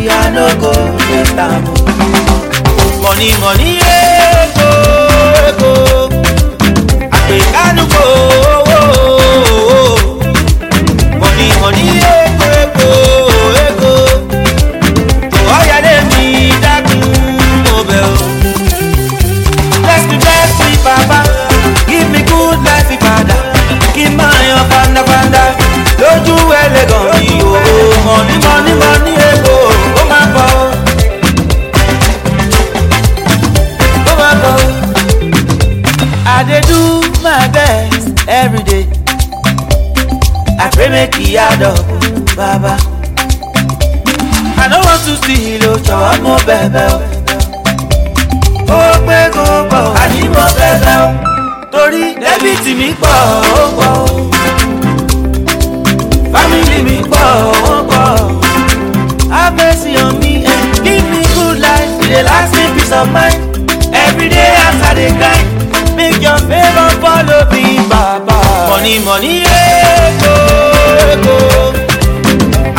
money i no go let am money money ego ego àgbékánu kò owó money money ego ego ego òwò yálé mi dákun mo bẹ̀ o. bless me bless me baba give me good life ìpadà kí n máa yan fandafanda lójú ẹlẹ́gàn mi o money money. make e add up baba. I no want to see lo jọ̀wọ́ mo bẹ̀bẹ̀ o. Ó pé kó pọ̀ àní mo bẹ̀bẹ̀ o. Torí dẹ́bìtì mi pọ̀ ó pọ̀ o. Fámìlì mi pọ̀ ó pọ̀ o. Abẹ́sí on me and give me good life. E dey me peace of mind. Every day as I dey grind. Make your favour follow me, Baba. Money, money, yeah, oh ego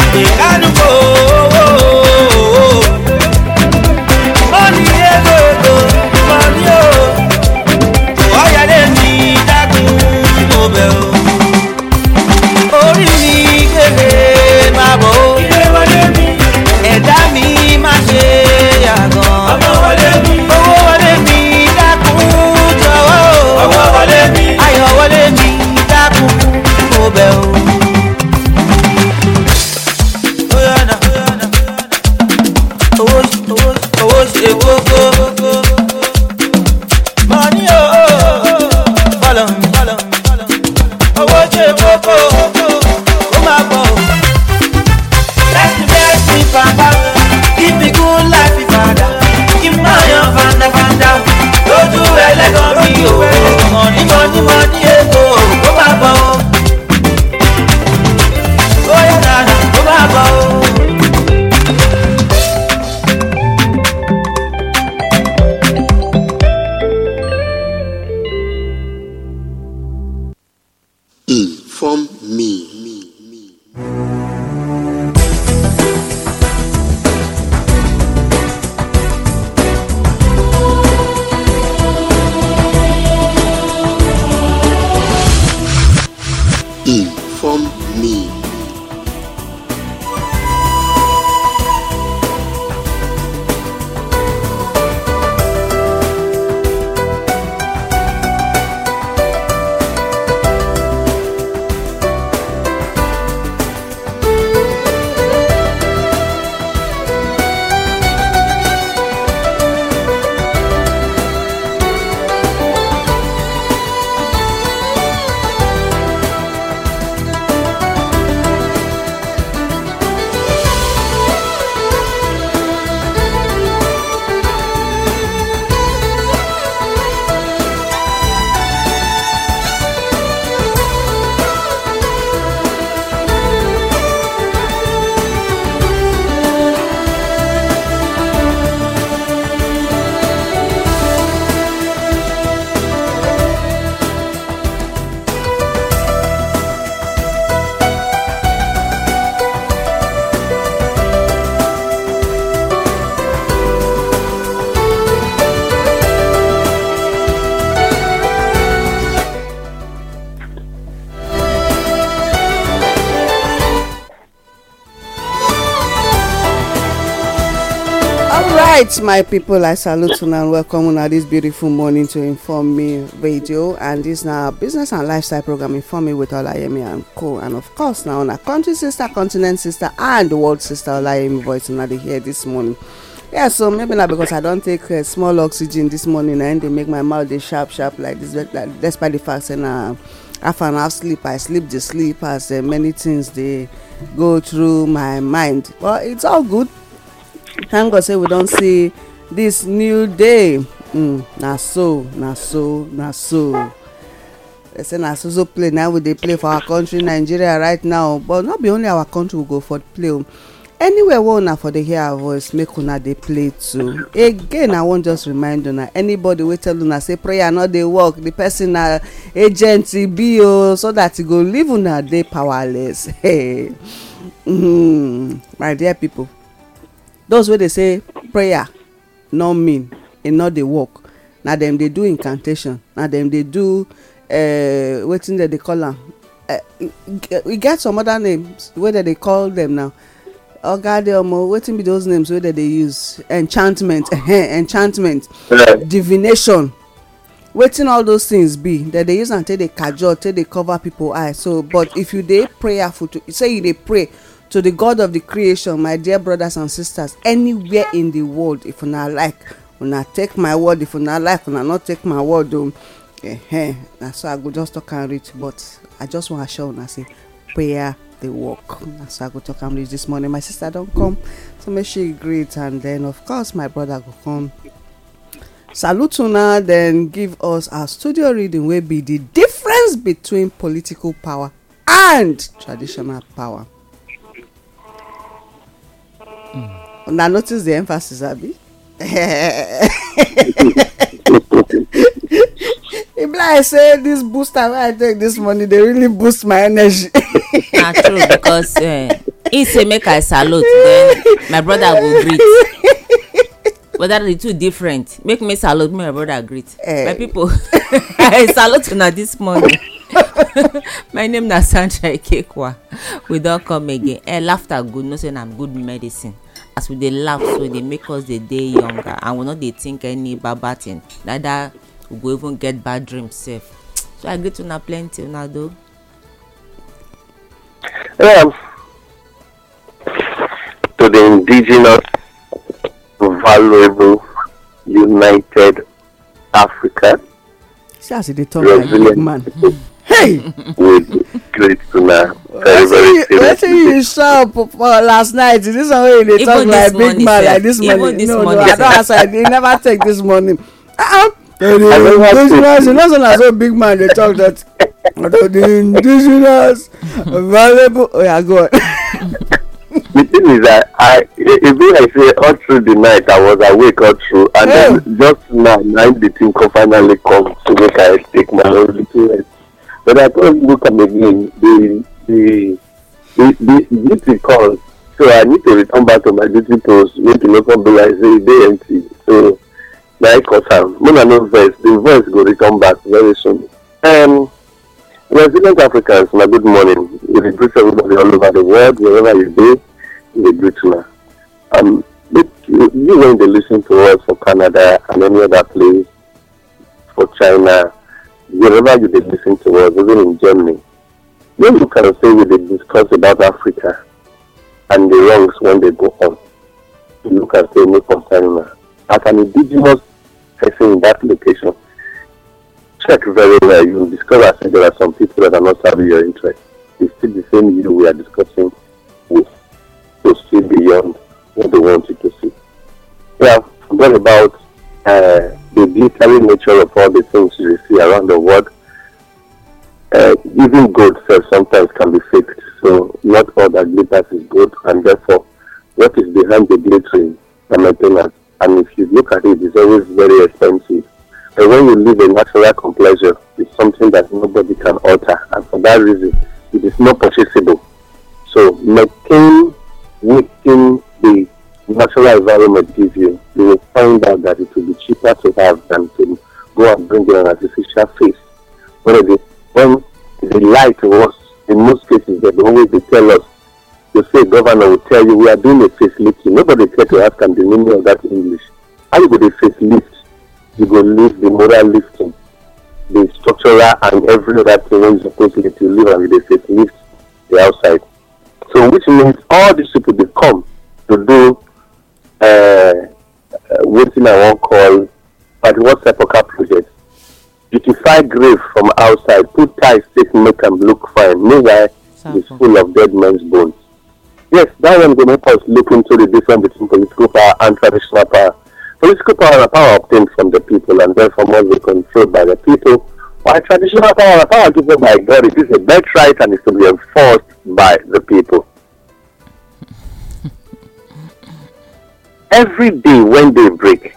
àti ẹnu kò owó. right my people i salute una and welcome una this beautiful morning to inform me radio and this na business and lifestyle program inform me with olayemi and co and of course na una country sister continent sister and world sister olayemi voice una dey hear this morning yeah so maybe na because i don take uh, small oxygen this morning na im dey make my mouth dey sharp sharp like this like, despite the fact say na. Uh, half and half sleep i sleep the sleep as uh, many things dey go through my mind but it's all good thank god say we don see this new day mm, na so na so na so they say na so play na we dey play for our country nigeria right now but no be only our country we go for play o anywhere wey una for dey hear our voice make una dey play too again i wan just remind una anybody wey tell una say prayer no dey work the person na agent e be o so that e go leave una dey powerless hey mm, my dear people those wey dey say prayer no mean e no dey work na dem dey do incantation na dem dey do uh, wetin dem dey call am eh, e get some other names wey dem dey call dem now oga de omo wetin be those names wey dem dey use enchantment enchantment divination wetin all those things be dem dey use am take dey cajole take dey cover people eye so but if you dey prayerful to say you dey pray to the god of the creation my dear brothers and sisters anywhere in the world if una like una take my word if una like una not take my word o oh, eh na so i go just talk am reach but i just wan assure una say prayer dey work na so i go talk am reach this morning my sister don come so make she greet and then of course my brother go come salute una then give us our studio reading wey be the difference between political power and traditional power una notice the emphasis abi e be like say this booster wey i take this morning dey really boost my energy. na ah, true because uh, he say make i salute then my brother go greet But that the two different make me salute make my brother greet hey. Eh. my people i salute una this morning my name na sandra ikekwa we don come again eh, laughter good know say na good medicine as we dey laugh so e dey make us dey dey younger and we no dey think any bad bad thing neither we go even get bad dream sef so i greet una plenty una do. Um, to the indigenous valuable united africa. he ṣé talk like a big man. hey good to now. Wetin you chop for last night? Is This one wey you dey talk like big man like this morning. No, no, I don answer. You never take this money. Ah, indigenous, you know so na so big man dey talk that. The indigenous valuable. Oh yeah, go on. the thing is that I it be like say all through the night I was awake all through and yeah. then just now nine the thing come finally come to make I take my own little rest. But I don't look at them again. The the the they, duty calls. So I need to return back to my duty post, make the local bill like say they empty. So my I cut am. Mo na no vex, the vex go return back very soon. Um, Resident Africans, my good morning. We dey greet everybody all over the world, wherever you be. we dey greet una. Um, you, you when they listen to us for Canada and any other place, for China, wherever you did listen to us, even in Germany, then you can say we did discuss about Africa and the wrongs when they go on. You look at say, no As an indigenous person in that location, check very well. You'll discover that there are some people that are not serving your interest. It's still the same you we are discussing with to see beyond what they want you to see. Yeah, forget what about uh, the glittery nature of all the things you see around the world, uh, even gold sometimes can be faked. So not all that glitters is gold, and therefore, what is behind the glittering and maintenance? And if you look at it, it's always very expensive. And when you live a natural complexion, it's something that nobody can alter, and for that reason, it is not purchasable. So making within the natural environment gives you, you will find out that it will be cheaper to have than to go and bring in an artificial face. But when they lie to us, in most cases, they always they tell us, they say, governor will tell you, we are doing a facelift. Nobody care to ask them the meaning of that English. How you go to facelift? You go lift the moral lifting, the structural and every other thing when you supposed to lift, live and with facelift the outside. So which means all these people, they come to do uh, waiting I one call, but what sepulchral project? Beautify grave from outside, put ties, take make them look fine. Meanwhile, it's full of dead men's bones. Yes, that one will help us look into the difference between political power and traditional power. Political power and power obtained from the people and therefore must be controlled by the people. While traditional power and power given by God, it is a birthright and it's to be enforced by the people. every day when they break.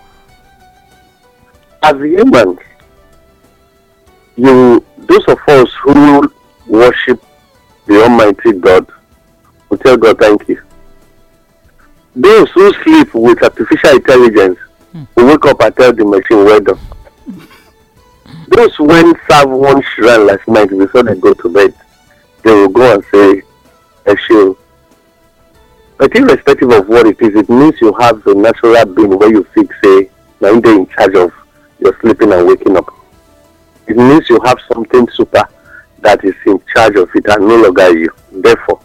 As humans, you those of us who worship the Almighty God, we tell God thank you. Those who sleep with artificial intelligence, mm. we wake up and tell the machine well done. those when serve one shrine last night before they go to bed, they will go and say, Eshio, But irrespective of what it is, it means you have the natural being where you fix say eh, now they're in charge of your sleeping and waking up. It means you have something super that is in charge of it and no longer you. Therefore,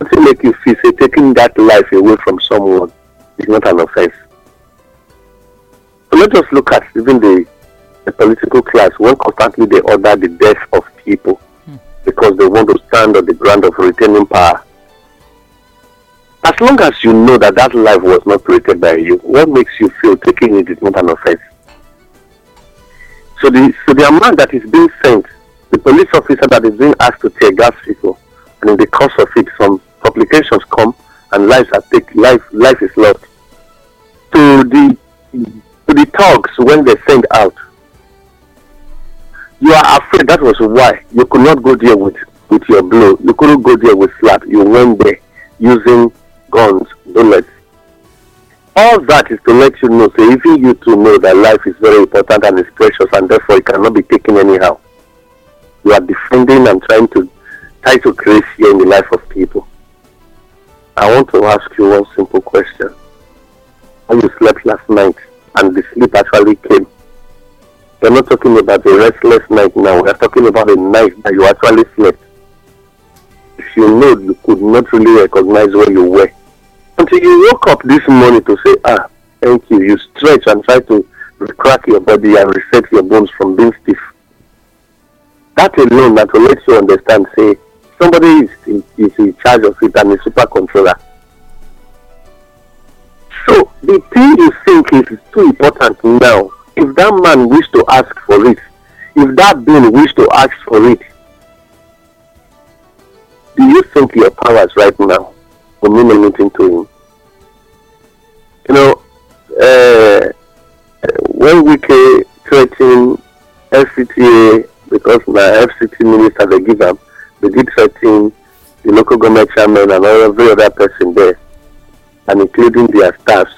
nothing make you feel say taking that life away from someone is not an offense. So let us look at even the, the political class when constantly they order the death of people mm. because they want to stand on the ground of retaining power as long as you know that that life was not created by you, what makes you feel taking it is not an offense? So the so the amount that is being sent, the police officer that is being asked to tear gas people, and in the course of it, some complications come and lives are taken. Life life is lost. To the to the thugs when they send out, you are afraid. That was why you could not go there with with your blow. You couldn't go there with slap. You went there using guns, bullets. All that is to let you know, so even you to know that life is very important and is precious and therefore it cannot be taken anyhow. You are defending and trying to try to create fear in the life of people. I want to ask you one simple question. How you slept last night and the sleep actually came. We're not talking about a restless night now. We're talking about a night that you actually slept. If you know you could not really recognize where you were, until you woke up this morning to say, ah, thank you. You stretch and try to crack your body and reset your bones from being stiff. That alone that will let you understand, say, somebody is, is, is in charge of it and a super controller. So the thing you think is too important now. If that man wish to ask for it, if that being wish to ask for it, do you think your powers right now? omi na to him. you know uh, when wike threaten fcta because my fct minister they give up, they did threaten the local government chairman and all every other person there and including their staffs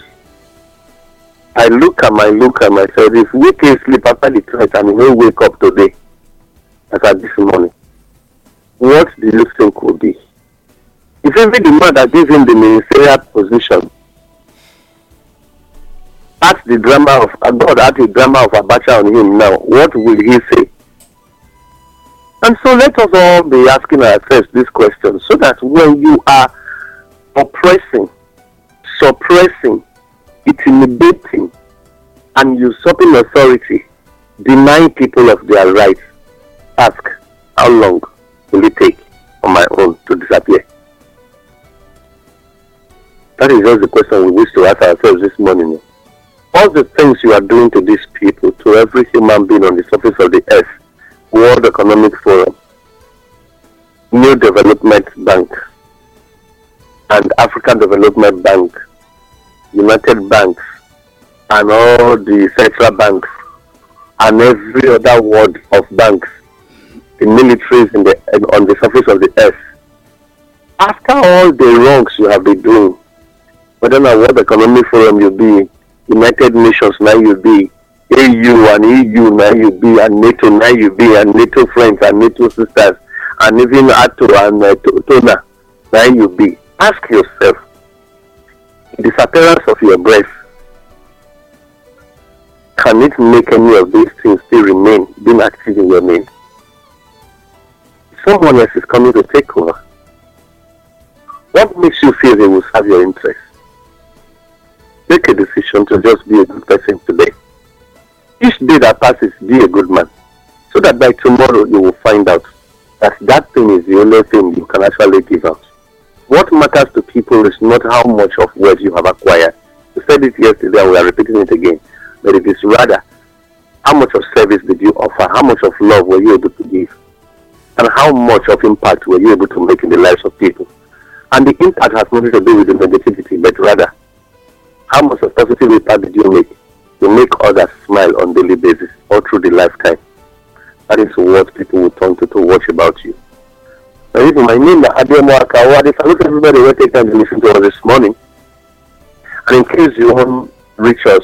i look at my look at myself. If we can sleep after the threat and he wake up today as at this morning what do you think will be. If even the man that gave him the ministerial position. Ask the drama of uh, God, ask the drama of Abacha on him now. What will he say? And so let us all be asking ourselves this question so that when you are oppressing, suppressing, intimidating, and usurping authority, denying people of their rights, ask, how long will it take for my own to disappear? That is just the question we wish to ask ourselves this morning. All the things you are doing to these people, to every human being on the surface of the earth, World Economic Forum, New Development Bank, and African Development Bank, United Banks, and all the central banks, and every other world of banks, the militaries in the, on the surface of the earth. After all the wrongs you have been doing, whether na world economic forum you be united nations na you be au and eu na you be and nato na you be and nato friends and nato sisters and even ato and uh, tona na you be ask yourself the disappearance of your breath can it make any of these things still remain being active in your name someone else is coming to take over what makes you feel they will serve your interest make a decision to just be a good person today. Each day that passes, be a good man. So that by tomorrow you will find out that that thing is the only thing you can actually give out. What matters to people is not how much of wealth you have acquired. We said it yesterday and we are repeating it again. But it is rather how much of service did you offer? How much of love were you able to give? And how much of impact were you able to make in the lives of people? And the impact has nothing to do with the negativity, but rather how much of positive impact did you make? You make others smile on daily basis all through the lifetime. That is what people will turn to to watch about you. Now, even my name is Ademo Akawadi. Salute everybody who take time to listen to us this morning. And in case you want to reach us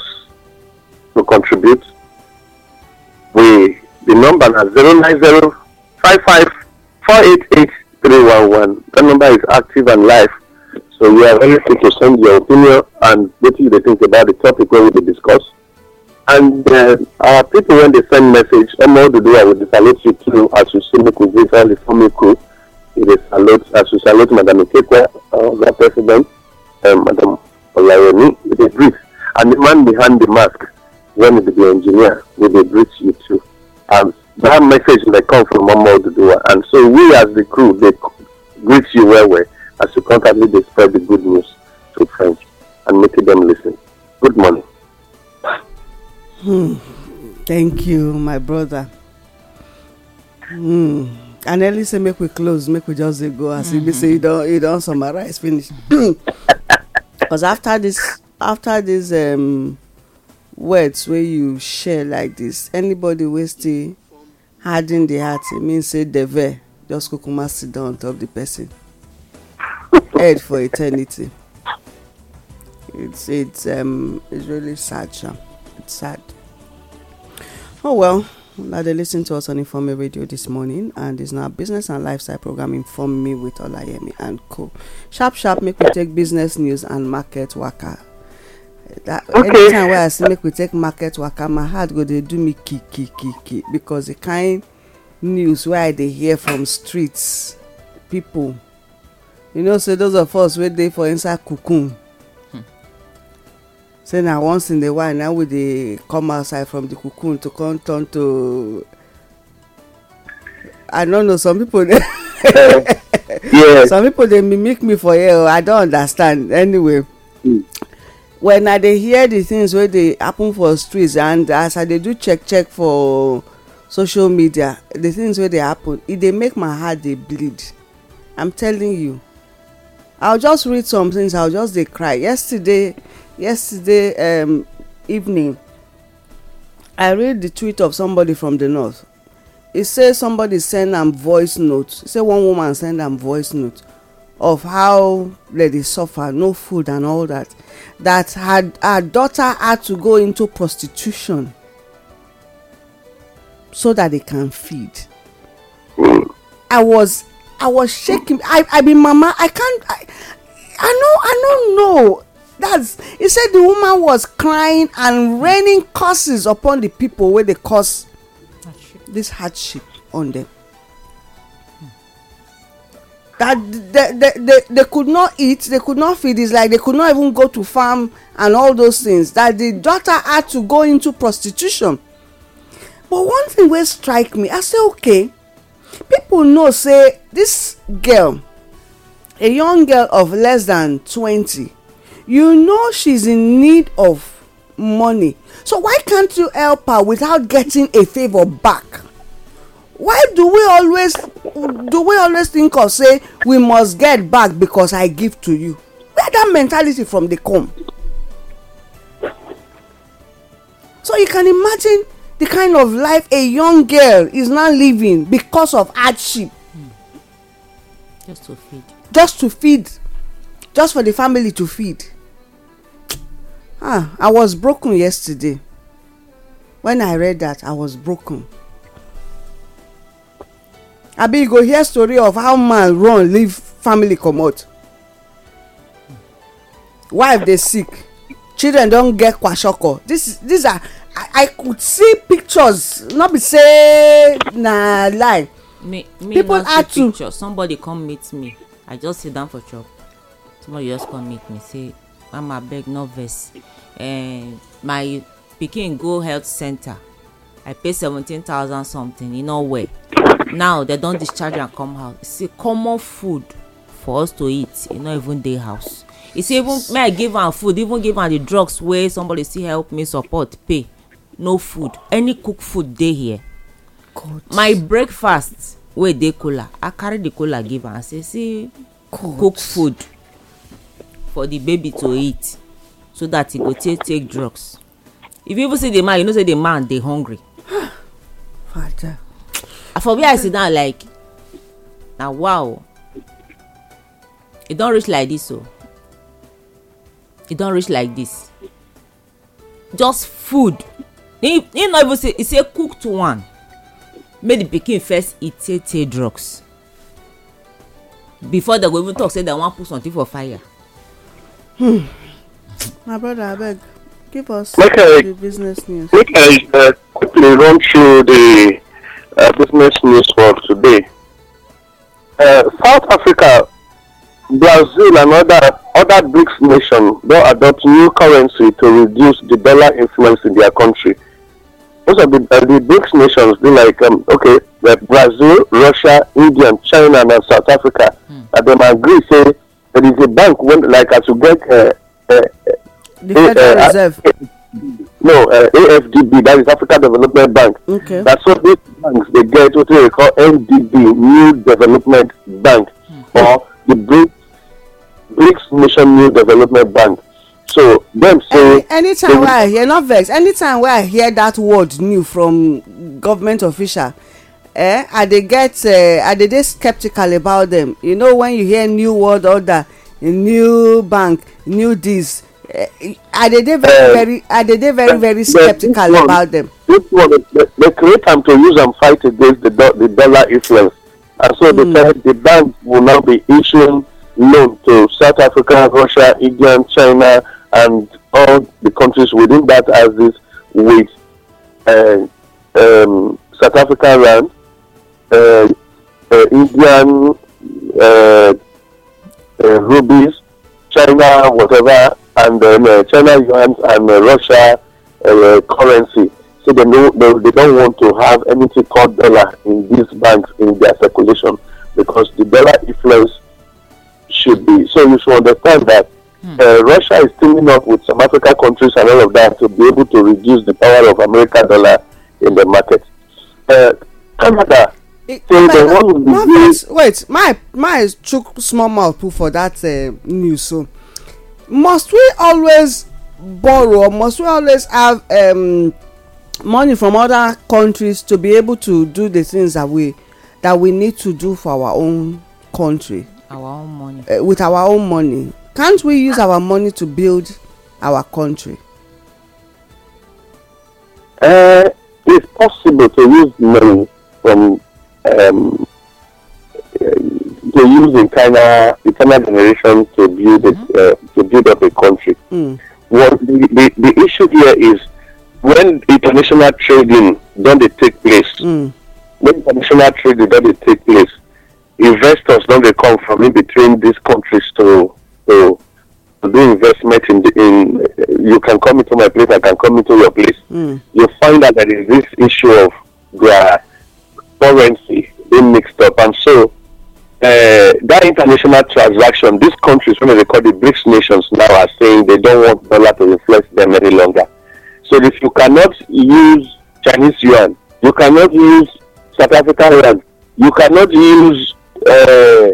to contribute, we the number is 090 The number is active and live. So we are very keen to send your opinion and what you think about the topic when we discuss. And uh, our people, when they send message, I'm all the day I will salute you too as you see me with the family crew. It is salute, as you salute Madam Ikekwe, uh, the president, um, Madam Olayoni, it is brief. And the man behind the mask, when it is the engineer, will be brief you too. And that message may come from Mama Odudua. And so we as the crew, they greet you well, well. As you constantly they spread the good news to friends and make them listen. Good morning. Hmm. Thank you, my brother. Hmm. And Ellie say make we close, make we just go as mm-hmm. if say you don't you don't summarize finish. Because after this after this um words where you share like this anybody wasting, still the heart e mean say devil just go come sit down on top the person. head for eternity. It's it's um it's really sad, sir. It's sad. Oh well, now they listen to us on Informe Radio this morning, and it's now business and lifestyle program Inform Me with Olayemi and Co. Sharp sharp, make we take business news and market worker. That okay. anytime where I see make we take market worker, my heart go they do me kiki kiki because the kind news where they hear from streets people you know say those of us wey dey for inside cocoon hmm. say na once in a while na we dey come outside from the cocoon to come turn to i no know some people dey some people dey mimic me for here oh, i don understand anyway hmm. when i dey hear the things wey dey happen for streets and as i dey do check check for social media the things wey dey happen e dey make my heart dey bleed i'm telling you i'll just read some things i'll just dey cry yesterday yesterday um, evening i read the tweet of somebody from the north e say somebody send am voice note e say one woman send am voice note of how they dey suffer no food and all that that her her daughter had to go into prostitution so that they can feed hmm. i was I was shaking. I I be mama. I can't. I, I know. I don't know. That's. He said the woman was crying and raining curses upon the people where they cause this hardship on them. That they, they, they, they could not eat, they could not feed. It's like they could not even go to farm and all those things. That the daughter had to go into prostitution. But one thing will strike me. I say, okay, People know say this girl a young girl of less than twenty. you know she's in need of money so why can't you help her without getting a favour back why do we always do we always think of say we must get back because i give to you where that mentality from dey come so you can imagine the kind of life a young girl is now living because of hardship. just to feed. just to feed just for the family to feed. ah i was broken yesterday when i read that i was broken. abi you go hear story of how man run leave family comot wife dey sick children don get kwashoko. this these are i i could see pictures no be say na lie me me people had to picture. somebody come meet me i just sit down for chop somebody just come meet me say mama abeg no vex eh, my pikin go health center i pay seventeen thousand something e no well now dem don discharge am come house say common food for us to eat e no even dey house e say even may i give am food even give am the drugs wey somebody still help me support pay no food any cook food dey here God. my breakfast wey dey kola i carry the kola give am say see God. cook food for the baby to eat so that he go take take drugs if you even see the man you know say the man dey hungry Father. for where i sit down like na wow e don reach like this o oh. e don reach like this just food he he no even say he say cook to one make the pikin first eat tey tey drugs before dem go even talk say dem wan put something for fire. Hmm. my brother abeg give us make I, the business news. make i uh, quickly run through the uh, business news for today. Uh, south africa brazil and other other brics nations don adopt new currency to reduce the dollar influence in their country most of the, uh, the BRICS nations be like um, okay like brazil russia india china and south africa mm. and dem agree say there is a bank when like as you get. Uh, uh, uh the federal uh, reserve. Uh, no uh, afdb that is africa development bank. okay That's what these banks they get wetin we call ndb new development bank mm. or the BRICS BRICS nation new development bank so dem say anytime wey i hear not vex anytime wey i hear dat word new from government official eh i dey get eh, i dey dey skeptical about dem you know when you hear new word order new bank new dis eh, i dey dey very eh, very i dey dey very very skeptical about dem dis one dey create am to use am fight against the the dollar influence and so hmm. the bank will now be issuing loan to south africa russia india china and all the countries within that axis with uh, um, South African rand, um, uh, uh, uh, Indian rubies, China whatever, and uh, China yuan and uh, Russia currency. So they, know, they, they don't want to have anything called dollar in these banks in their circulation because the dollar influence should be. So you should understand that Mm. Uh, Russia is teaming up with some African countries and all of that to be able to reduce the power of American dollar in the market. Uh, Canada. It, so the one with the Marvis, wait, my my chook small mouth put for that uh, news. So, must we always borrow? Must we always have um, money from other countries to be able to do the things that we that we need to do for our own country? Our own money. Uh, with our own money. can't we use our money to build our country? Uh, it's possible to use money from um, uh, to use in China, the China generation to build it, mm-hmm. uh, to build up a country. Mm. What the, the, the, issue here is when international trading don't they take place? Mm. When international trading don't they take place, investors don't they come from in between these countries to to, do investment in, the, in you can come into my place, I can come into your place. Mm. You find out that there is this issue of their currency being mixed up, and so uh, that international transaction, these countries, when they call the BRICS nations now, are saying they don't want dollar to influence them any longer. So if you cannot use Chinese yuan, you cannot use South African rand, you cannot use uh,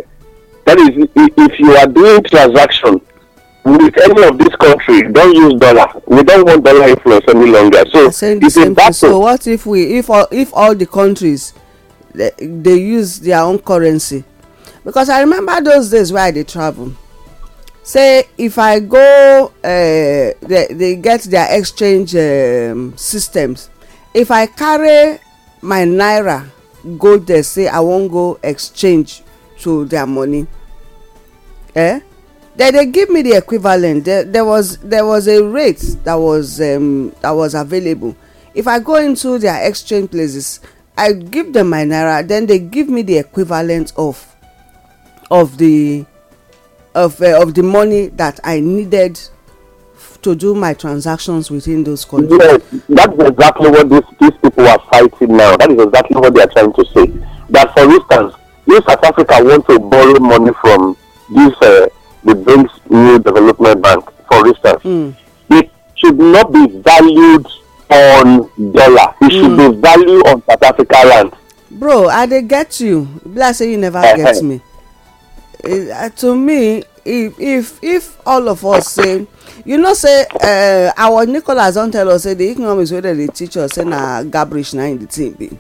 that is if you are doing transaction with any of this country don't use dollar we don't want dollar influence any longer so it's a battle. so what if we if all if all the countries they, use their own currency because i remember those days wey i dey travel say if i go uh, they, get their exchange um, systems if i carry my naira go there say i wan go exchange to their money eh They they give me the equivalent there, there was there was a rate that was um, that was available if i go into their exchange places i give them my naira then they give me the equivalent of of the of uh, of the money that i needed to do my transactions within those countries. Yes, that's exactly what these, these people are fighting now. That is exactly what they are trying to say. That, for instance, if South Africa wants to borrow money from this, uh, the BRICS New Development Bank, for instance, mm. it should not be valued on dollar. It mm. should hmm. be valued on South Africa land. Bro, I dey get you. Be like say you never uh, get me. Uh, to me, if if if all of us say you know say uh, our nicholas don tell us say the economics wey dem dey teach us say na gabrish na im the thing be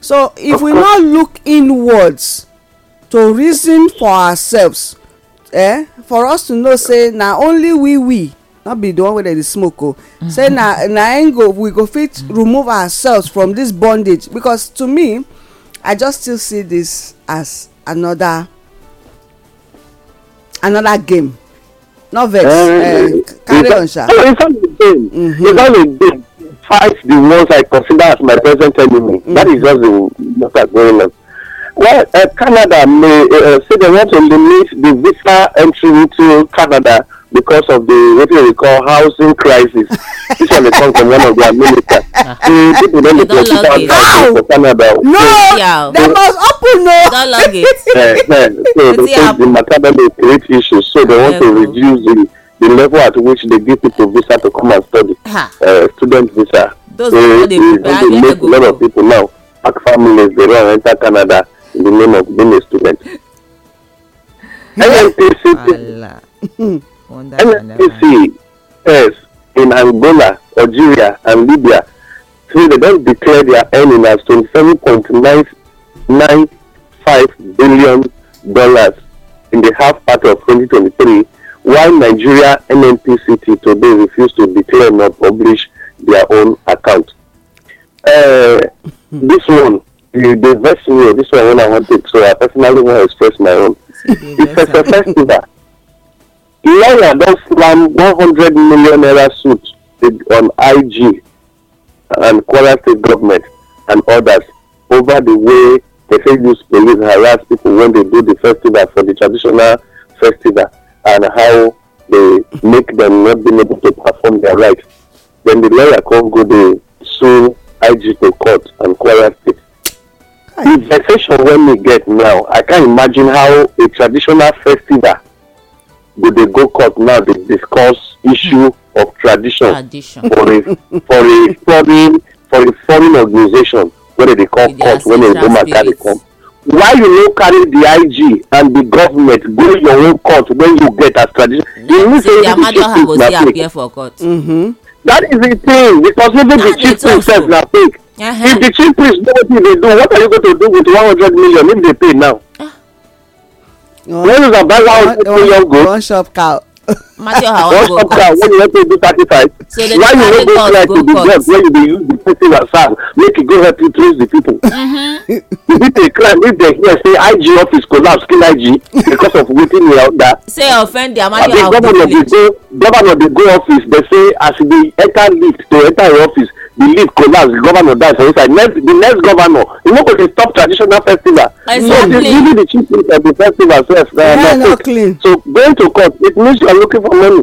so if we no look inwards to reason for ourselves eh for us to know say na only we we not be the one wey dey smoke o oh. mm-hmm. say na na im go we go fit mm. remove ourselves from this bondage because to me i just still see this as another another game no vex eh, eh, eh, carry on sha. it's all a game mm-hmm. it's all a game fight the ones I consider as my present enemy. Mm. That is just the matter going on. Well, uh, Canada may uh, uh, say they want to limit the visa entry into Canada because of the what we call housing crisis. this one comes from one of their ministers. Uh-huh. the people don't need to wow. for Canada. No, yeah. they must open no. Don't log it. Uh, uh, so they say the matter that they create issues, so they want to reduce the the level at which they give people visa to come and study, uh, student visa. Those so eh, they, eh, they, they make a lot of people now pack families, they run enter Canada in the name of being a student. NNPC, NNPC yes, in Angola, Algeria, and Libya, so they don't declare their earnings as 27.995 billion dollars in the half part of 2023 why Nigeria NNPCT today refuse to declare nor publish their own account. Uh, this one, you they vex me. This one when I want it, so I personally want to express my own. it's a festival. Lawyer don slam hundred million naira suit on IG and Kwara State government and others over the way they say use police harass people when they do the festival for the traditional festival and how they make them not being able to perform their rights. Then the lawyer can go dey sue IG to court and Kwara it. The vexation when we get now, I can't imagine how a traditional festival go they go court now dey discuss issue of tradition, tradition. for a for a foreign for a foreign organization wey dey dey call court when a woman carry come why you no carry the ig and the government go your own court when you get as tradition you know say the chief priest na fake that is the thing because even the chief priest sef na fake if the chief priest know wetin dey do what are you go to do with one hundred million if they pay now ah. when you buy one hundred million go. shop cow matthew howard go court when you wan take do thirty five why you no go try to be job when you dey use the person as farm make e go help you trace the people mm-hmm. if they cry, if they hear say ig office collapse kill ig because of wetin we order say offend their matthew howard go village abi governor dey go governor dey go office dey say as e dey enter lift to enter your office believe collapse the governor die for inside next the next governor you no go dey stop traditional festival so the really the chief thing of the festival sef na na fake clean. so going to court it means you are looking for money.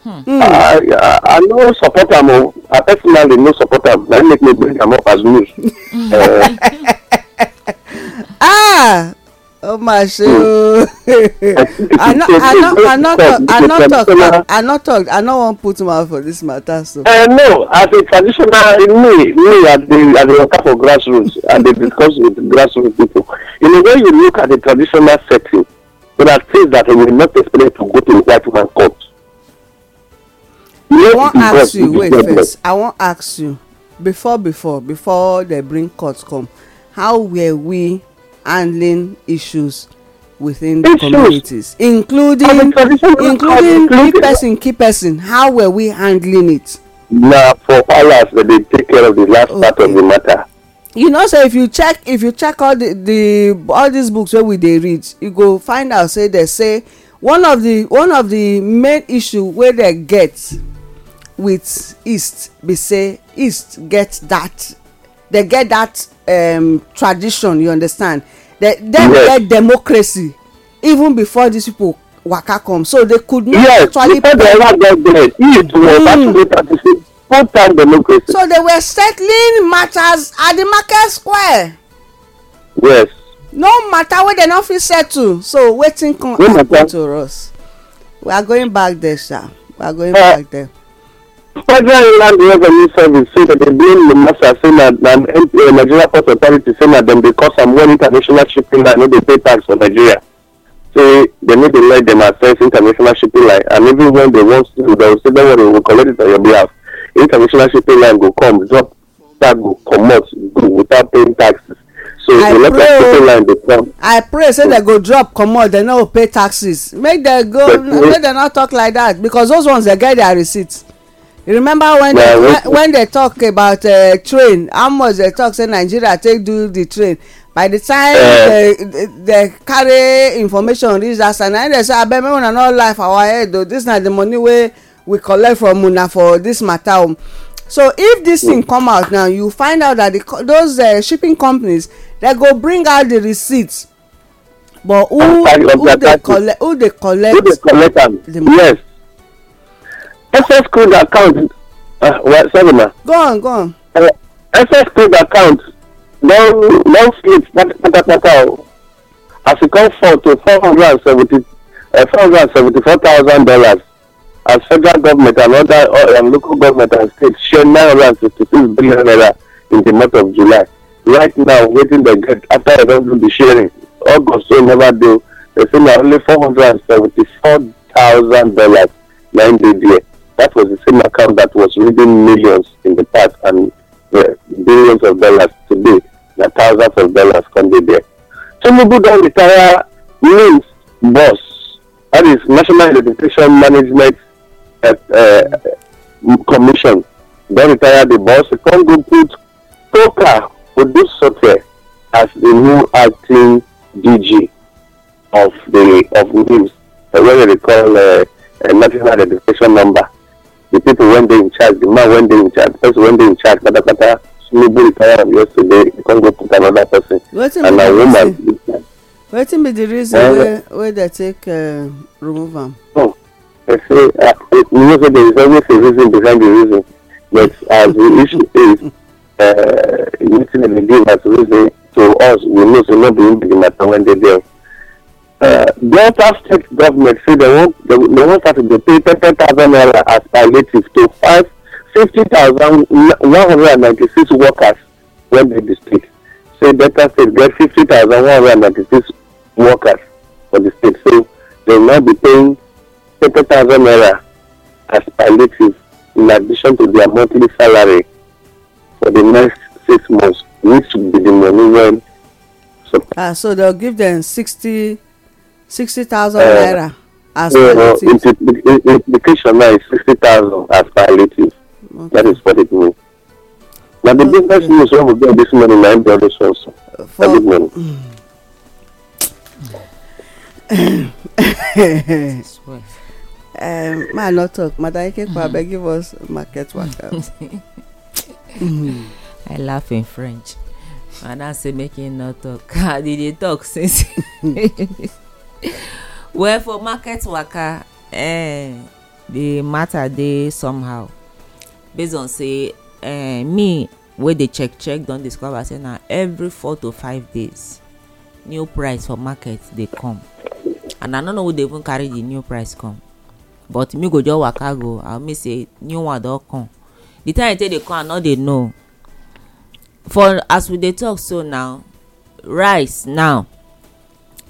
Hmm. Uh, I, I no support am o I personally no support am na make me bring am up as news. ah ó mà ṣe o i no i no i no talk i no wan put mouth for this matter so. Uh, no as a traditional me me i dey i dey waka for grassroots i dey discuss with grassroots people you know when you look at the traditional setting there are things that you not expect to go to the white woman court. i wan ask you wait first i wan ask you before before before dem bring court come how were we handling issues within the communities including including key person key person how were we handling it. na for palace dem dey take care of the last okay. part of the matter. you know say if you check if you check all the the all these books wey we dey read you go find out say they say one of the one of the main issue wey dey get with east be say east get that dey get that um, tradition you understand they dem yes. get democracy even before these people waka come so they could not yes, actually yes before they ever get mm. there it was actually tradition full time democracy. so they were settling matters at the market square. yes. no matter where dem no fit settle so wetin come no happen matter. to us we are going back there sha we are going uh, back there federal land revenue service say that they blame the massa say na na nigeria port authority say na dem dey cause am when international shipping line no dey pay tax for nigeria say dem no dey let dem access international shipping line and even when dem wan sue dem say don't worry we go collect it on your behalf international shipping line go come drop that go comot go without paying taxes so I the local shipping line dey come. i pray say so, dem go drop comot dem no go pay taxes make dem go make dem no talk like that because those ones dey get their receipts remember when they when they talk about uh, train how much they talk say nigeria take do the train by the time uh, they carry information reach that side na dem say abeg make una no lie for our head o this na the money wey we collect from una for this matter o oh. so if this thing come out now you find out that the those uh, shipping companies they go bring out the receipt but who who dey collect who dey collect, who collect um, the money. yes excess code account uh, well, sorry ma. go on go on. Uh, eh, excess code account don don split patapata o as e come fall to four hundred and seventy eh, four hundred and seventy-four thousand dollars as federal government and other uh, and local government and state share nine hundred and sixty-six billion naira in the month of july right now wetin dem get after dem don do the sharing august wey never do dey say na only four hundred and seventy-four thousand dollars na im dey there That was the same account that was reading millions in the past and uh, billions of dollars today, and thousands of dollars can be there. Tinubu don't retire means boss. That is National Education Management at, uh, uh, Commission. Don't retire the boss. You can't go put this Odusote as the new acting DG of the of NIMS, uh, they call uh, a national identification number. the people when they in charge, the man when they in charge, the person when they in charge, kata kata, Tinubu retire am yesterday, he come go put another person. Wetin and na woman. Wetin be the reason uh, wey wey dey take uh, remove am? I say uh, you know say there is always a reason behind the reason, but as the issue is, uh, wetin dem dey give as reason to us, we know say no be him be the matter when dey there. Uh, delta state government say dem wan they wan start to pay ten thousand naira as palliative to five fifty thousand one hundred and ninety-six workers wey dey di state say delta state get fifty thousand one hundred and ninety-six workers for di state so dem now be paying thirty thousand naira as palliative in addition to their monthly salary for the next six months which be the money wey. So, ah so they'll give them sixty. 60 sixty thousand eh, naira as no, palliative. No, the implication now is sixty thousand as palliative. Okay. That is what it means. Now the okay. business news wey we get this morning nine im also. For that big money. um, ma no talk madam ikekwa abeg give us market workout. i laugh in french and I say making not talk i dey dey talk since. well for market waka eh, the matter dey somehow based on say eh, me wey dey check check don discover say na every four to five days new price for market dey come and i no know who dey even carry the new price come but me go just waka go i mean say new one don come the time e take dey come i no dey know for as we dey talk so now rice now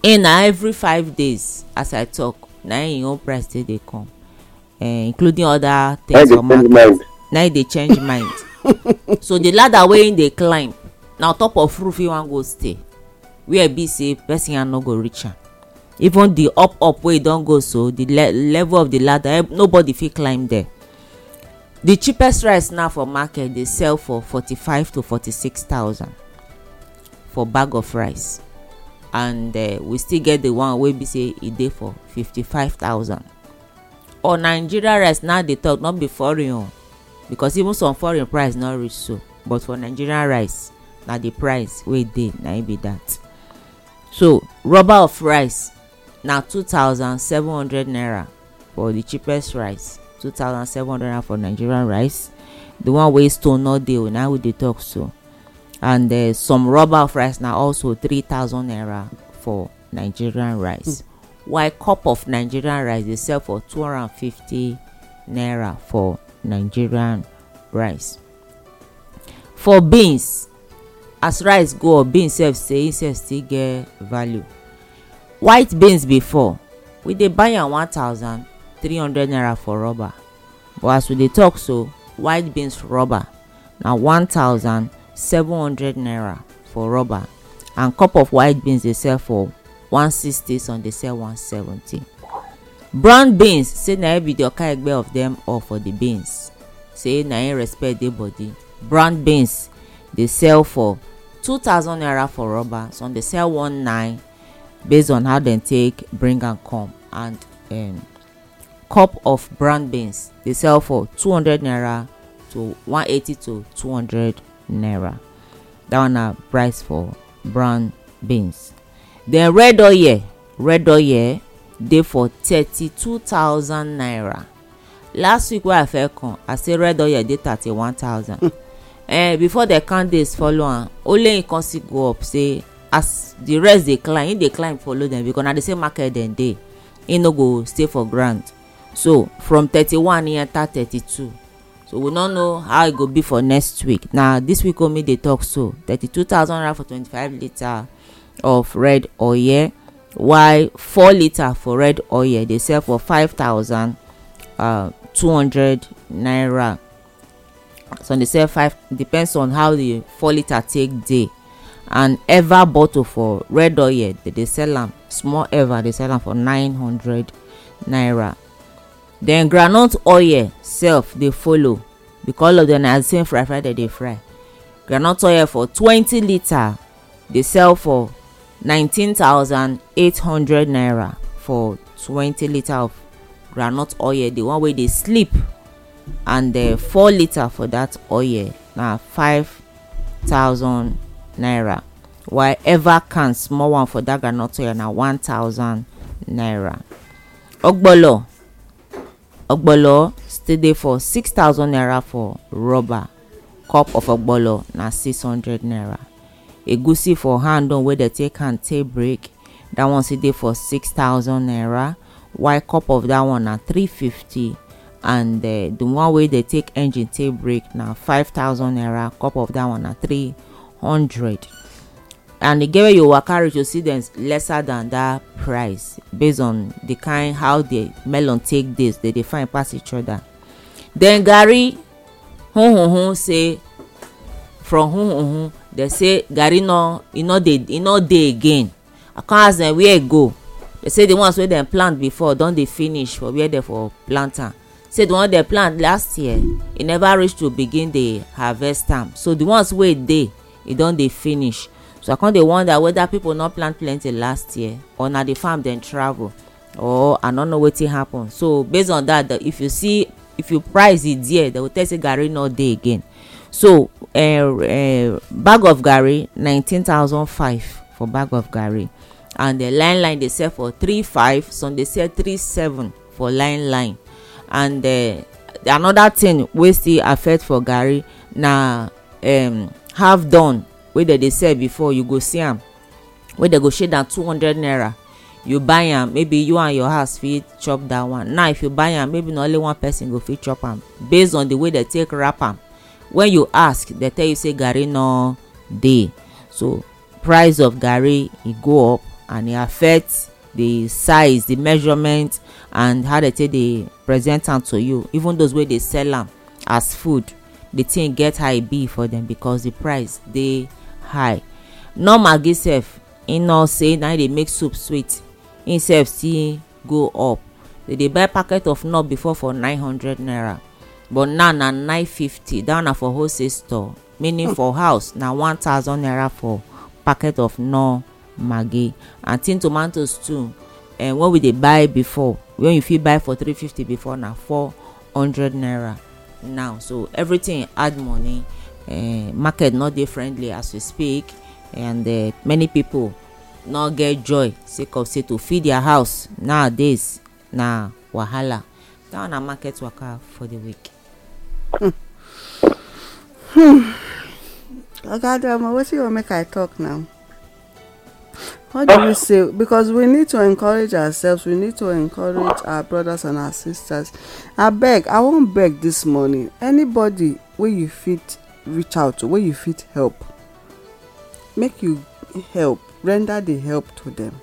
e na every five days as i talk na im own price take dey come uh, including other things for market na e dey change mind so the ladder wey im dey climb na on top of roof im wan go stay where be say person hand no go reach am even the up up wey e don go so the le level of the ladder eh, nobody fit climb there the cheapest rice now for market dey sell for forty-five to forty-six thousand for bag of rice and uh, we still get the one wey be say e dey for fifty-five thousand or nigeria rice now dey talk not be foreign o because even some foreign price no reach so but for nigerian rice na the price wey dey na im e be that so rubber of rice na two thousand seven hundred naira for the cheapest rice two thousand seven hundred naira for nigerian rice the one wey stone no dey o na we dey talk so and uh, some rubber of rice now also three thousand naira for nigerian rice mm. while cup of nigerian rice dey sell for two hundred fifty naira for nigerian rice for beans as rice go up beans sef say e sef still get value white beans before we dey buy am one thousand three hundred naira for rubber but as we dey talk so white beans rubber na one thousand seven hundred naira for rubber and cup of white beans dey sell for one sixty some dey sell one seventy brown beans say na him be the oka egbe of them all for the beans say na him respect dey body brown beans dey sell for two thousand naira for rubber some dey sell one nine based on how dem take bring am come and um, cup of brown beans dey sell for two hundred naira to one eighty to two hundred naira that one na price for brown beans then red oil red oil dey for thirty-two thousand naira last week wey i first come i say red oil dey thirty-one thousand eh before the candidates follow am oleyin come still go up say as the rest dey climb he dey climb follow them because na the same market dem dey he no go stay for ground so from thirty-one he enter thirty-two so we no know how e go be for next week na this week omi dey talk so thirty-two thousand naira for twenty-five litre of red oil while four litre for red oil dey sell for five thousand uh, two hundred naira some dey sell five depends on how the four litre take dey and ever bottle for red oil dey dey sell am small ever dey sell am for nine hundred naira then groundnut oil self dey follow because of the na same fry fry dem dey fry groundnut oil for twenty litre dey sell for nineteen thousand eight hundred naira for twenty litre of groundnut oil the one wey dey sleep and the four litre for that oil na five thousand naira while ever can small one for that groundnut oil na one thousand naira. ogbolo ogbolo still dey for six thousand naira for rubber cup of ogbolo na six hundred naira egusi for hand on wey dem take hand take break that one still dey for six thousand naira while cup of that one na three fifty and uh, the one wey dey take engine take break na five thousand naira cup of that one na three hundred and they get your waka reach to see them lesser than that price based on the kind how the melon take this they dey find pass each other then garri hun hun hun say from hun hun hun they say garri no e no dey e no dey again i come ask them where e go they say the ones wey dem plant before don dey finish for where dem for plant am say the one dem plant last year e never reach to begin dey harvest am so the ones wey dey e don dey finish so i come dey wonder whether people no plant plenty last year or na the farm dem travel or i no know wetin happen so based on that if you see if you price it there they will tell say garri no dey again so uh, uh, bag of garri nineteen thousand five for bag of garri and the line line dey sell for three five some dey sell three seven for line line and uh, another thing wey still affect for garri na um, half done wey dem dey sell before you go see am wey dem go shade am two hundred naira you buy am maybe you and your house fit chop that one now if you buy am maybe na only one person go fit chop am based on the way dem take wrap am when you ask dem tell you say garri no dey so price of garri e go up and e affect the size the measurement and how dem take dey present am to you even those wey dey sell am as food the thing get how e be for them because the price dey high nor maggi sef e know say na e dey make soup sweet e sef still go up they dey buy packet of nut before for nine hundred naira but now na nine fifty that one na for wholesale store meaning for house na one thousand naira for packet of nor maggi and tin tomatoes too um, eh, when we dey buy before when you fit buy for three fifty before na four hundred naira now so everything add money Eh, market no dey friendly as we speak and eh, many people no get joy sake of say to feed their house nowadays na wahala that one na market waka for the week. Hmm. oga adama wetin you wan make i talk now what do you say because we need to encourage ourselves we need to encourage our brothers and our sisters abeg i wan beg this morning anybody wey you fit reach out wey you fit help make you help render the help to them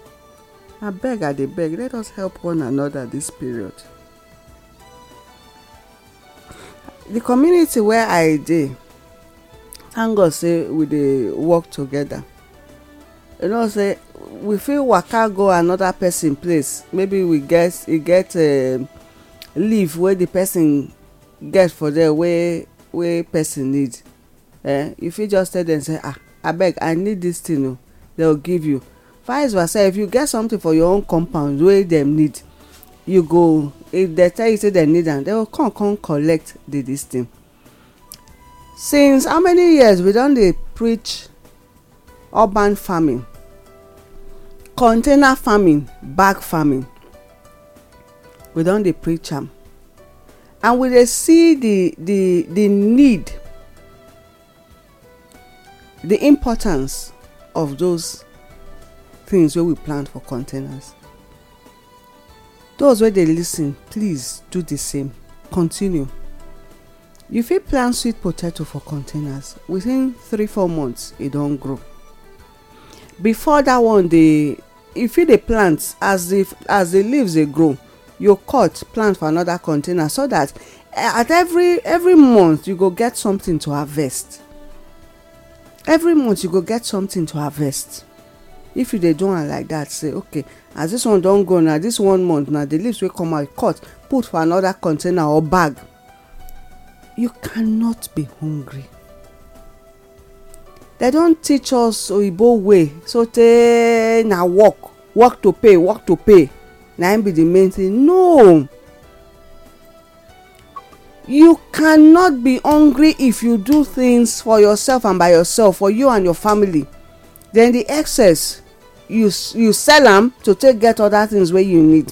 I beg, i dey beg let us help one another this period the community where i dey thank god say we dey work together you know say we fit waka go another person place maybe we get e get uh, um, leaf wey the person get for there wey wey person need eh, you fit just tell them say ah abeg i need this thing o oh, they will give you vice versa if you get something for your own compound wey dem need you go if they tell you say they need am they will come come collect the this thing since how many years we don dey preach urban farming container farming bag farming we don dey preach am and we dey see the the the need the importance of those things wey we plant for containers those wey dey lis ten please do the same continue you fit plant sweet potato for containers within three four months e don grow before that one dey you e fit dey plant as the as the leaves dey grow you cut plant for another container so that eh, at every every month you go get something to harvest every month you go get something to harvest if you dey do am like that say okay as ah, this one don go na this one month na the leaves wey come out cut put for another container or bag you cannot be hungry they don teach us oyibo way so tey na work work to pay work to pay na im be the main thing no you cannot be hungry if you do things for yourself and by yourself for you and your family then the excess you you sell am to take get other things wey you need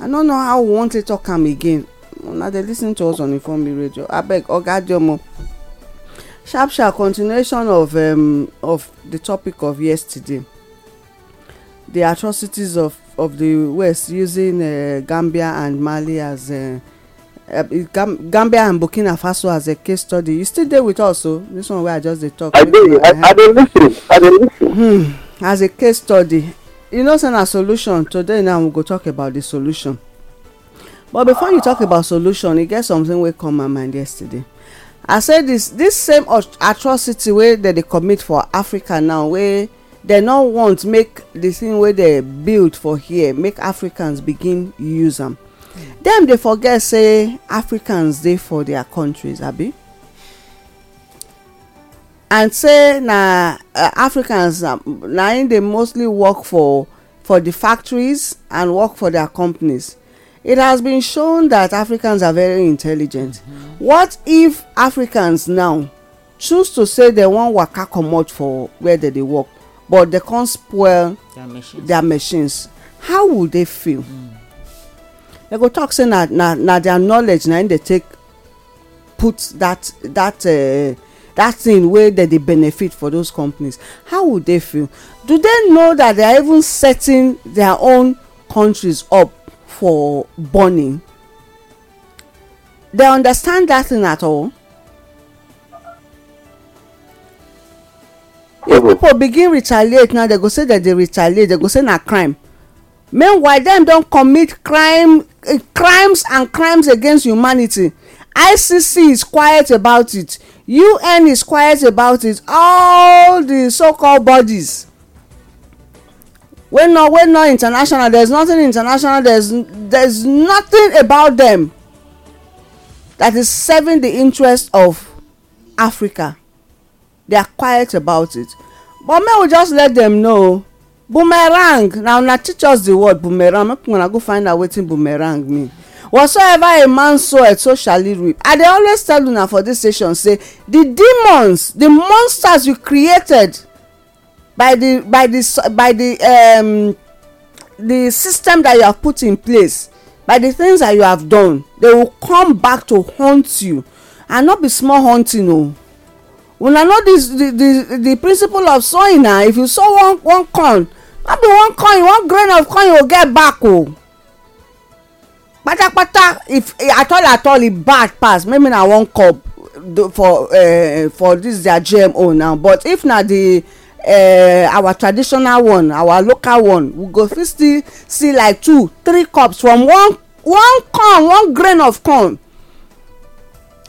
i no know how we wan take talk am again una dey lis ten to us on informe radio abeg oga jomo sharp sharp continuation of um, of the topic of yesterday the atrocities of of the west using uh, gambia and mali as uh, Eh, eh, gambia and burkina faso as a case study you still dey with us o this one wey i just dey talk. i dey i dey lis ten i dey lis ten. hmm as a case study you know say na solution today now we go talk about the solution but before you talk about solution e get something wey come my mind yesterday i say this this same atrocity wey dem dey commit for africa now wey dem no want make the thing wey dem build for here make africans begin use am dem dey forget say africans dey for their countries abi and say na uh, africans um, na im dey mostly work for for di factories and work for their companies it has been shown that africans are very intelligent mm-hmm. what if africans now choose to say they wan waka comot for where they dey work but they come spoil their machines how would they feel mm dem go talk say na na na their knowledge na im dey take put that that uh, that thing wey dem dey benefit for those companies how would they feel do they know that they are even setting their own countries up for burning they understand that thing at all if people begin retaliate now they go say that they retaliate they go say na crime meanwhile dem don commit crime eh, crimes and crimes against humanity icc is quiet about it un is quiet about it all the so called bodies wey no wey no international there is nothing international there is there is nothing about them that is serving the interest of africa they are quiet about it but may we just let them know boomerang na una teach us the word boomerang make una go find out wetin boomerang mean whatsoever a man soweth so shall he reap i dey always tell una for this session. say the demons the monsters you created by the by the by the um, the system that you have put in place by the things that you have done they will come back to haunt you and no be small hunting o oh. una know this the the the principle of sowing na ah. if you sow one one corn not be one coin one grain of coin you go get back o oh. patapata if at all at all e bad pass maybe na one cup for uh, for this their gmo now but if na the uh, our traditional one our local one we go fit still see like two three cups from one one corn one grain of corn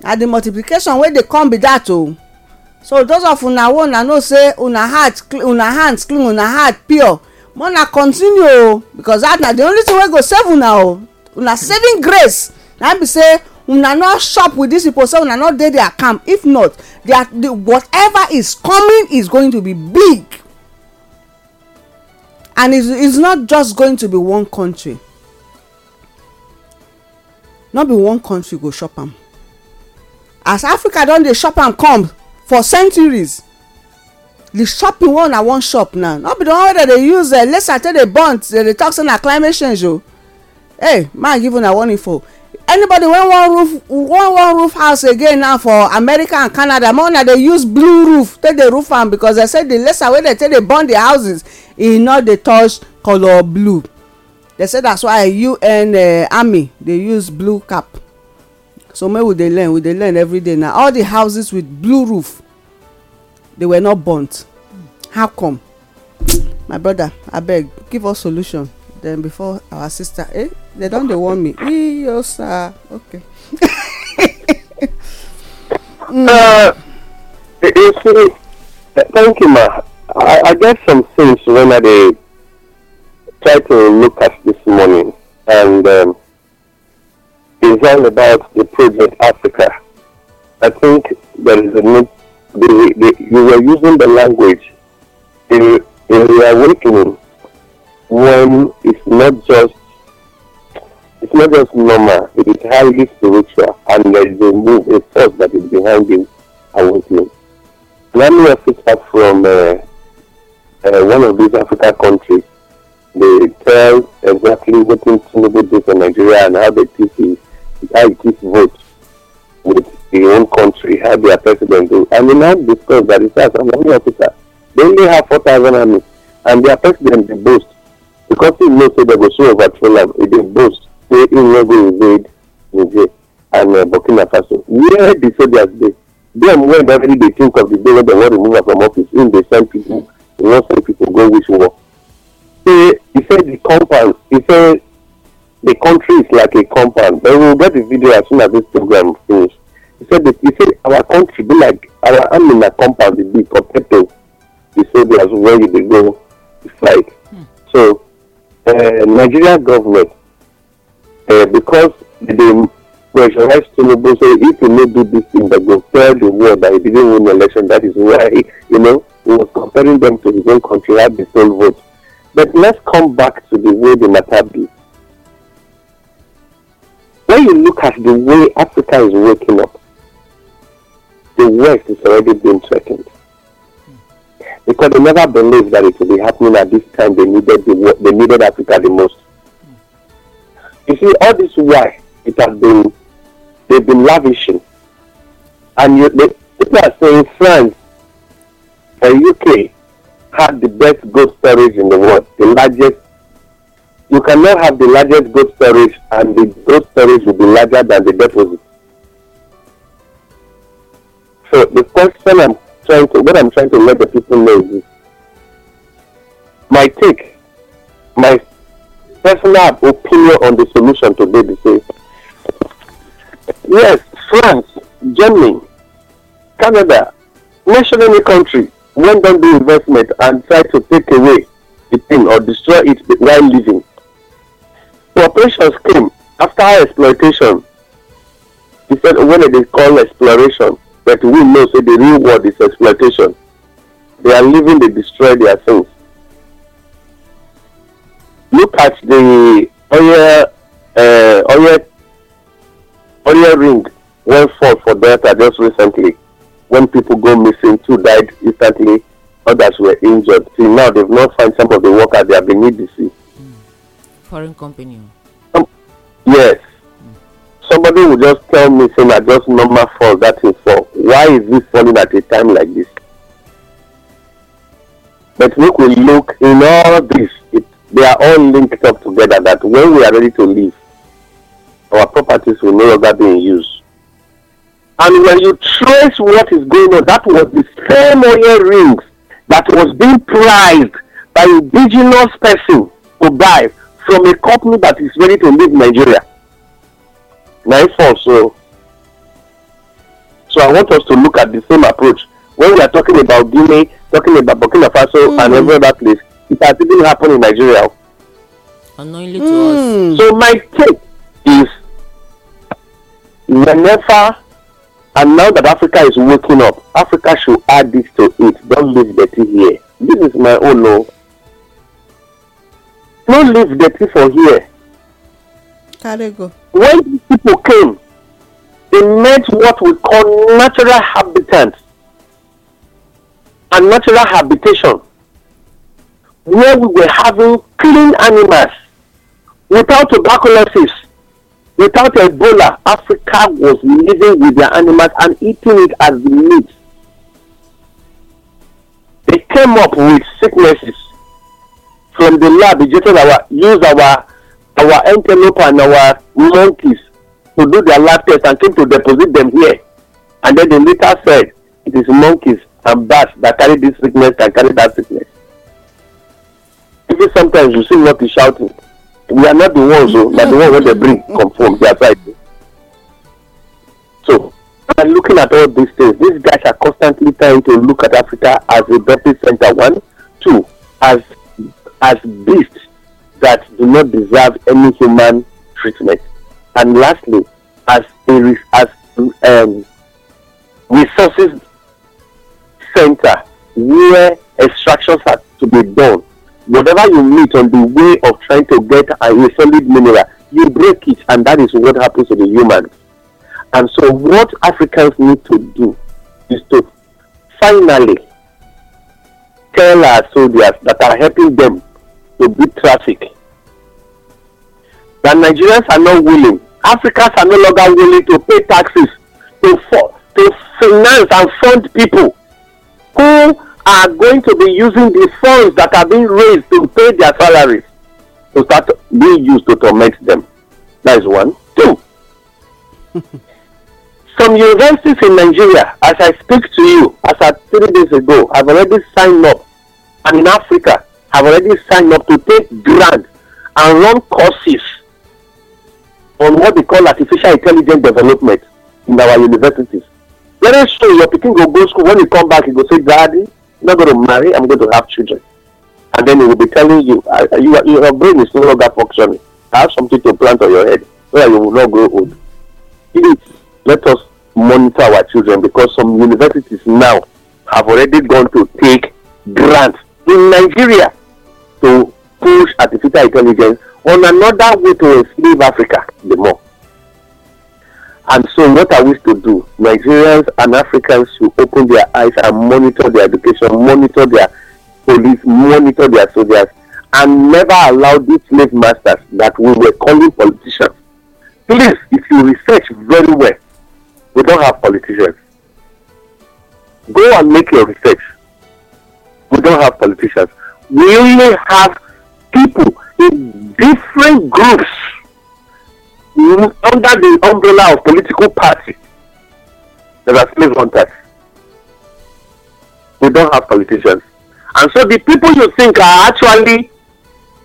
na the multiplication wey dey come be that o oh. so those of una wey una know say una heart una hands clean una heart pure una continue o oh, because that na the only thing wey go save una o oh, una saving grace na be say una no shop with these people say una no dey their camp if not their the whatever is coming is going to be big and it is not just going to be one country no be one country go chop am as africa don dey chop am come for centuries the shopping one na one shop now no be the one wey dem dey use uh, eh, laser take dey burn dem dey talk say na climate change o oh. hey man give una warning for anybody wey wan roof wan wan roof house again now for america and canada more una dey use blue roof take dey roof am because dem say the laser wey dem take dey burn the houses e no dey touch colour blue dem say that's why un uh, eh, army dey use blue cap so make we dey learn we dey learn every day na all the houses with blue roof they were not burnt how come my brother I beg, give us solution then before our sister eh they don't. They warn me Yes, sir okay. mm. uh, you see thank you ma i i get some things when i try to look at this morning and um, it's all about the project africa i think there is a need you were using the language in, in awakening when it's not just it's not just normal, it is highly spiritual and there is a move, a force that is behind the awakening. Let me refer from uh, uh, one of these African countries. They tell exactly what Tinubu this for Nigeria and how they think the how he vote with the own country had their president do. And we now discuss that it's as an army officer. They only have 4,000 army. And their president, they boast. Because he knows that they go so overthrow them, they boast. They will go invade Niger and uh, Burkina Faso. Where the soldiers they Them, when they they think of the day when they want to move from office, in they send people, they want send people go which war. He, said the compound, he said the country is like a compound. But we'll get the video as soon as this program finishes. He said, that, he said our country be like our army na compound e be compared to the soldiers when you dey go fight. Mm. So uh, Nigeria government uh, because they dey pressurize Tinubu say if you no do this thing dem go tell the world that you didn't win the election that is why you know he was comparing them to his own country Had the stole vote. But let's come back to the way the matter be. When you look at the way Africa is waking up, The worst is already being threatened. Because they never believed that it would be happening at this time. They needed the, they needed Africa the most. You see, all this why it has been they've been lavishing, and you, they, people are saying France and UK had the best gold storage in the world, the largest. You cannot have the largest gold storage, and the gold storage will be larger than the deposit. So the question I'm trying to, what I'm trying to let the people know is my take, my personal opinion on the solution to BBC. yes, France, Germany, Canada, nation any country when do the do investment and try to take away the thing or destroy it while living. Corporations came after exploitation. He said when they call exploration but we know say the real world is exploitation they are living they destroy their things look at the oil uh, oil oil ring wey fall for delta uh, just recently when people go missing two died instantly others were injured till now they've not find some of the workers they have been need to see. foreign company. Um, yes somebody will just tell me say na just normal fall that is fall why is it falling at a time like this but make we look in all this it, they are all linked up together that when we are ready to leave our properties will no longer be in use and when you trace what is going on that was the same oil rings that was being prized by indigenous person to buy from a company that is ready to leave nigeria na so so i want us to look at the same approach when we are talking about guinea talking about burkina faso mm. and every other place it has even happened in nigeria. Annoyingly to mm. us. Hmm. so my take is whenever and now that africa is waking up africa should add this to it don't leave dirty here this is my own law. Oh. Don't leave dirty for here When these people came, they met what we call natural habitants and natural habitation, where we were having clean animals without tuberculosis, without Ebola. Africa was living with their animals and eating it as meat. They came up with sicknesses from the lab. They just our, our our antelope and our monkeys to do their lab test and came to deposit them here. And then they later said it is monkeys and bats that carry this sickness and carry that sickness. Even sometimes you see what shouting. We are not the ones, though, but the ones when they bring come from their side. So, and looking at all these things, these guys are constantly trying to look at Africa as a birthday center. One, two, as as beasts that do not deserve any human treatment. And lastly, as a, as um, resources center where extractions are to be done, whatever you meet on the way of trying to get a solid mineral, you break it, and that is what happens to the humans. And so, what Africans need to do is to finally tell our soldiers that are helping them to beat traffic. That Nigerians are not willing, Africans are no longer willing to pay taxes to, for, to finance and fund people who are going to be using the funds that are being raised to pay their salaries to start being used to torment them. That is one. Two, some universities in Nigeria, as I speak to you, as at three days ago, have already signed up, and in Africa, have already signed up to take grant and run courses on what they call artificial intelligence development in our universities. Very soon, your picking go go school. When you come back, he go say, Daddy, I'm not going to marry, I'm going to have children. And then he will be telling you, you your brain is no longer functioning. I have something to plant on your head where you will not grow old. Please, let us monitor our children because some universities now have already gone to take grants in Nigeria to push artificial intelligence on another way to enslave Africa the more. And so, what are we to do, Nigerians and Africans should open their eyes and monitor their education, monitor their police, monitor their soldiers, and never allow these slave masters that we were calling politicians. Please, if you research very well, we don't have politicians. Go and make your research. We don't have politicians really have people in different groups under the umbrella of political party that are slave hunters. We don't have politicians. And so the people you think are actually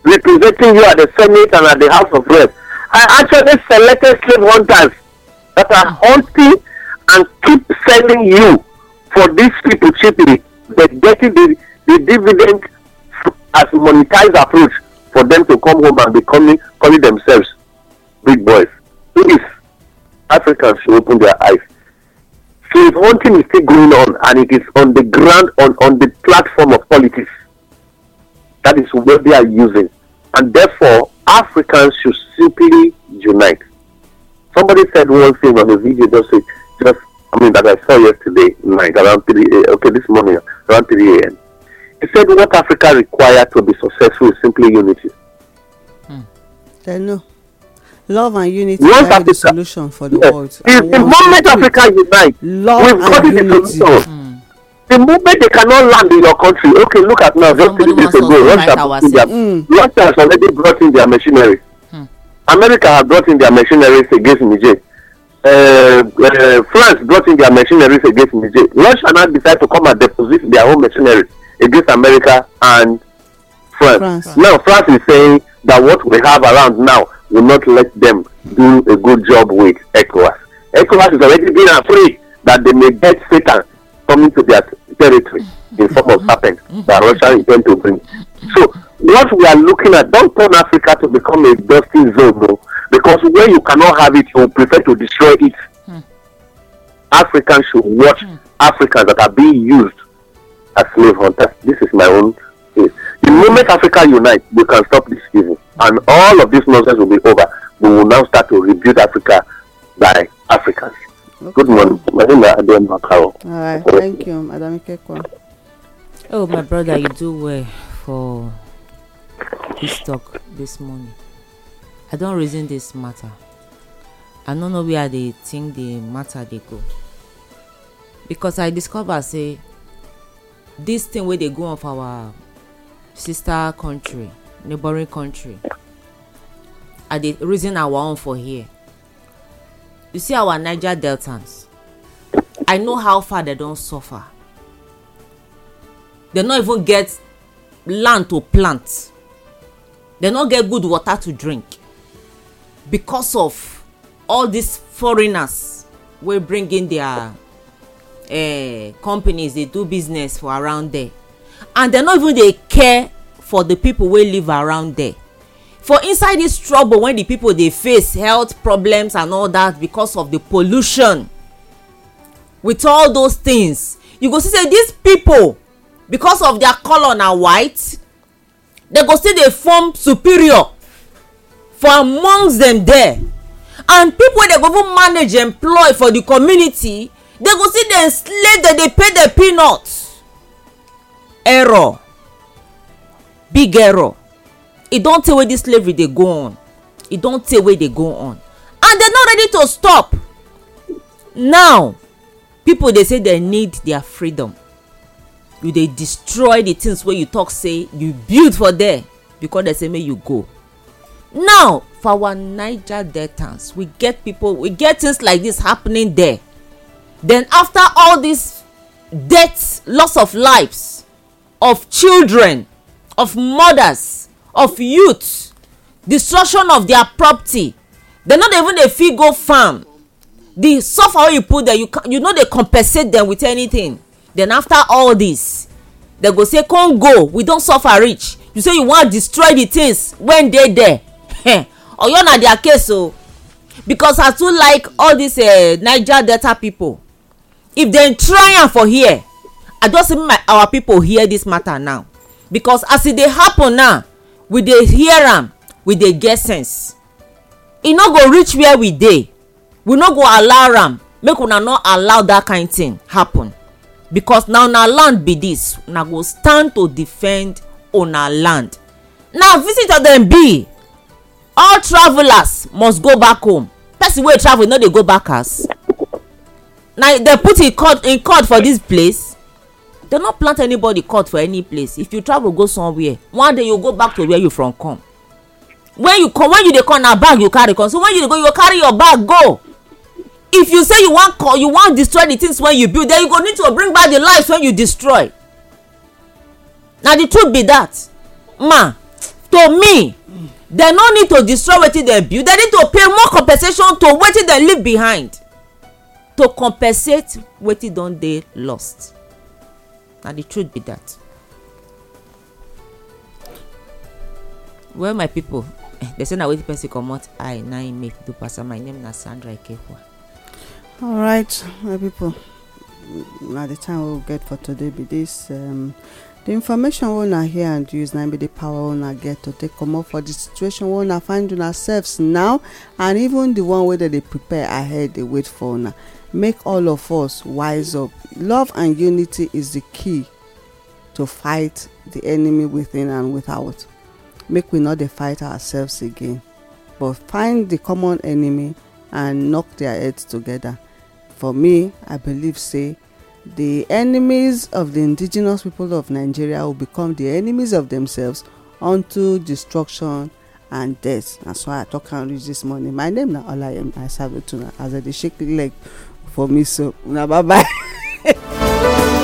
representing you at the Senate and at the House of Reps are actually selected slave hunters that are hunting and keep selling you for these people cheaply, but getting the, the dividend as a monetized approach for them to come home and be calling, calling themselves big boys. Please, Africans should open their eyes. Slave hunting is still going on and it is on the ground, on, on the platform of politics. That is where they are using. And therefore, Africans should simply unite. Somebody said one thing on the video, just say, just, I mean, that I saw yesterday night around three a.m., eh, okay, this morning around three a.m. He said what Africa require to be successful is simply unity. Hmm. Then no. Love and unity Once are the solution for the yes. world. If the moment Africa unite, we've got it the solution. Hmm the moment they cannot land in your country okay look at now just three days ago russia brought in their mm. russia has already brought in their machinery hmm. america has brought in their machinery against niger uh, uh, france brought in their machinery against niger russia now decide to come and deposit their own machinery against America and France. France. Now, France is saying that what we have around now will not let them do a good job with ECOWAS. ECOWAS is already being afraid that they may get Satan coming to their territory in form of serpent that Russia is going to bring. So, what we are looking at, don't turn Africa to become a dusty zone, though, because where you cannot have it, you prefer to destroy it. Hmm. Africans should watch hmm. Africans that are being used as slave hunters. This is my own case. The moment Africa unite, we can stop this evil. And all of this nonsense will be over. We will now start to rebuild Africa by Africans. Okay. Good morning. My name is Adam Makaro. All right. Thank you, Madam Oh, my brother, you do well for this talk this morning. I don't reason this matter. I don't know where they think the matter they go. Because I discover, say, This thing wey dey go on for our sister country neighboring country i dey reason our own for here you see our niger deltans i know how far dem don suffer dem no even get land to plant dem no get good water to drink because of all these foreigners wey bring in their uh, companies dey do business for around there and dem no even dey care for the people wey live around there for inside this trouble when the people dey face health problems and all that because of the pollution with all those things you go see say these people because of their color na white they go still dey form superior for amongst them there and people wey dey go even manage employ for the community they go see dey slave dem dey pay dem peanuts error big error e don tey wey this slavery dey go on e don tey wey dey go on and dem no ready to stop now people dey say they need their freedom you dey destroy the things wey you talk say you build for there because they say make you go now for our niger deltas we get people we get things like this happening there then after all these deaths loss of lives of children of mothers of youths destruction of their property dem no dey even dey fit go farm the suffer wey you put there you, you no dey compensate them with anything then after all this they go say come go we don suffer reach you say you wan destroy the things wey dey there oyo na their case o oh. because i too like all these uh, niger delta people if dem try am for here i just say make our people hear this matter now because as e dey happen now we dey hear am we dey get sense e no go reach where we dey we no go allow am make una no allow that kind thing happen because na una land be this. una go stand to defend una land now visitor dem be all travellers must go back home person wey travel e no dey go back house na dem put him court in court for dis place dem no plant anybody court for any place if you travel go somewhere one day you go back to where you from come when you come when you dey come na bag you carry come so when you dey go you go carry your bag go if you say you wan you wan destroy the things wey you build then you go need to bring back the lives wey you destroy na the truth be that ma to me dem no need to destroy wetin dem build dem need to pay more compensation to wetin dem leave behind to compensate wetin don dey lost na the truth be that. well my people dey eh, say na wetin person comot eye na im make do pass am my name na sandra ikekwa. right, my people na the time we get for today be this. Um, the information wey una hear and use na be the power una get to take comot for the situation wey una find una sefs now and even the one wey dem dey prepare ahead dey wait for una make all of us wise up. Love and unity is the key to fight the enemy within and without. Make we not fight ourselves again, but find the common enemy and knock their heads together. For me, I believe say the enemies of the indigenous people of Nigeria will become the enemies of themselves unto destruction and death. That's why I talk and reach this morning. My name is Olayemi Asabetu na as I dey shake leg. Like, for me. So, now bye bye.